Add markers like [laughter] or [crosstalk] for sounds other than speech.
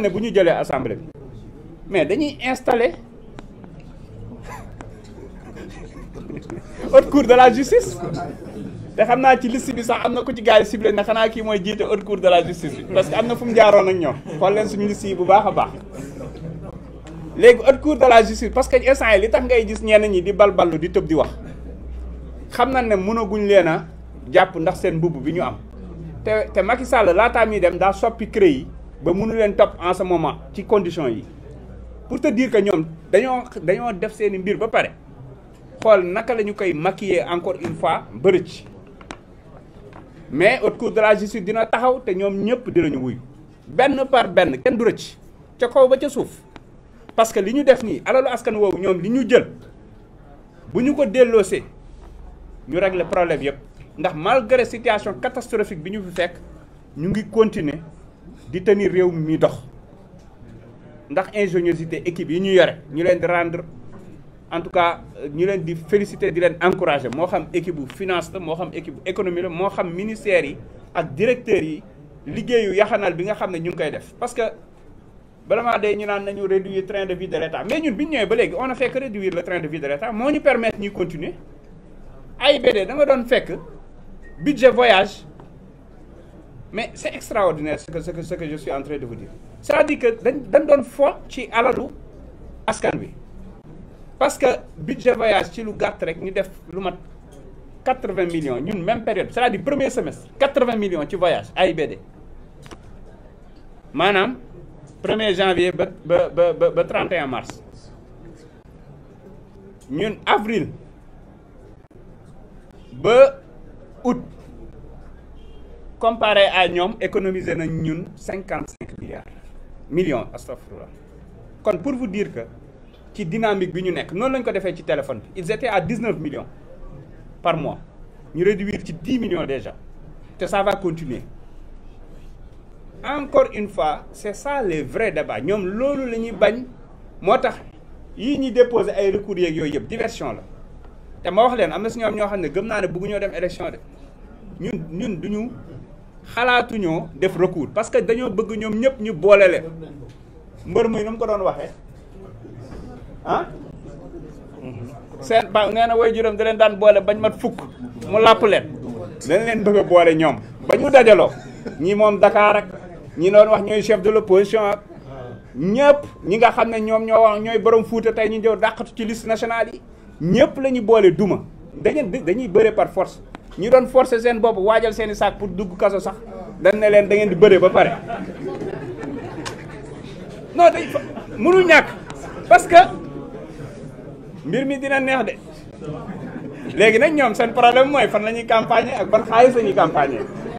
ne bu ñu assemblée mais dañuy installer [laughs] haute cour de la justice té xamna ci liste bi sax les ko ci gaay ciblé na cour de la justice parce que amna fu ak ñoo leen suñu bu baaxa baax de la justice parce que instant li tax ngay gis ñen ñi di di di wax xamna ne japp ndax seen bubu bi ñu am Macky Sall dem soppi ba mënu leen en ce moment ci condition yi pour te dire que nous dañoo dañoo def seen mbir ba pare naka la koy maquiller encore une fois mais au cours de la justice dina taxaw te ñoom ñëpp dinañu wuy benn par benn kenn du kaw parce que nous ñu def nii alalu askan woowu ñoom li jël bu ko ñu régler problème ndax malgré situation catastrophique bi nous fi fekk ñu di tenir réew mi dox ndax ingéniosité équipe yi ñu rendre en tout cas euh, ñu leen féliciter di encourager xam équipe finance mo xam équipe économie la xam ministère yi ak directeur yi liggéeyu yaxanal bi nga xam ñu koy def parce que day ñu réduire train de vie de l'État mais ñun bi on a fait réduire le train de vie de l'État ñu permettre continuer AIBD da nga budget voyage mais c'est extraordinaire ce que que que je suis en train de vous dire Cela dit que dañ fo ci parce que budget voyage ci lu rek millions une même période Cela dit premier semestre 80 millions ci voyage AIBD 1er janvier be ba ba 31 mars nous, avril ba août comparé à nous, économiser nous 55 milliards. Millions, astagfirullah. Donc, pour vous dire que, qui dynamique que nous Non nous l'avons fait sur téléphone, ils étaient à 19 millions par mois. Nous réduisons à 10 millions déjà. Et ça va continuer. Encore une fois, c'est ça le vrai débat. Nous sommes là, nous sommes là, ils nous déposent des recours, c'est une diversion. Et je vous dis, il y a des élections. qui ont dit qu'ils voulaient aller à l'élection. Nous, nous, xalaatuñoo def recours parce que dañoo bëgg ñoom ñëpp ñu boole muy nu ko doon ah seen ba nee way juróom da leen daan bañ mat fukk mu làpp leen dañ leen bëgg a Dakar ak ñi wax chef de l'opposition ak ñëpp ñi nga xam ne ñoom wax ñooy borom tey ñu jëw dàqatu ci liste nationale yi ñëpp la ñu duma dañuy par force ñi doon forcer seen boobu waajal seen i pour dugg kaso sax dañ ne leen da ngeen di bëre ba pare non day mënul ñàkk parce que mbir mi dina neex de léegi nag ñoom seen problème mooy fan la ñuy campagne ak ban xaalis la ñuy